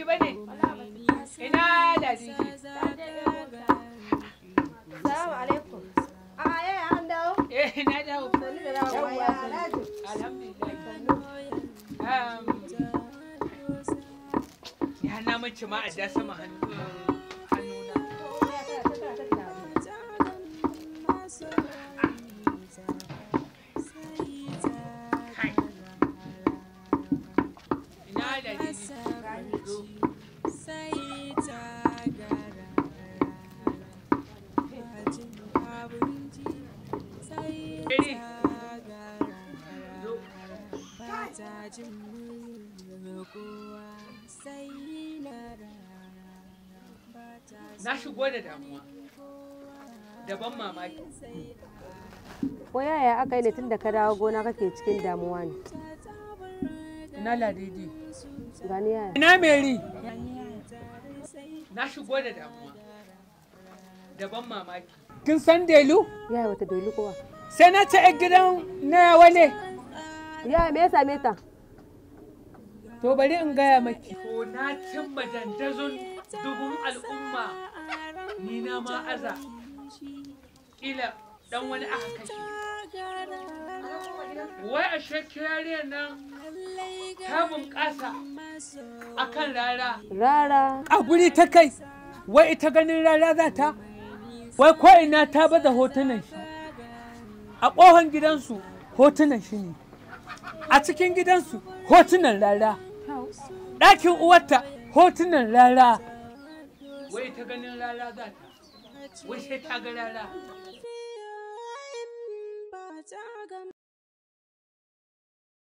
shi ba ne ina ladidi salamu alaikum a yi eh, an dawo eh na dawo alhamdulillah ya na mace ma a da sama hannu na shigo da damuwa daban mamaki ko yaya aka yi ne tun da ka dawo gona kake cikin damuwa ne ina ladidi gani yaya ina meri na shigo da damuwa daban mamaki kin san delu yaya wata delu kowa sai na ta gidan na wane yaya me yasa, me ta To bari in gaya maki. Ko na cin dandazon dubun al'umma ni na ma aza kila dan wani aka kashe wai a shekirariyar nan ta bunƙasa akan rara rara a guri ta kai wai ita ganin rara za ta wai ko ina ta baza hotunan shi a ƙohon gidansu hotunan shi ne a cikin gidansu hotunan rara ɗakin uwarta hotunan rara 我也他那个拉拉大他，我也他个拉拉。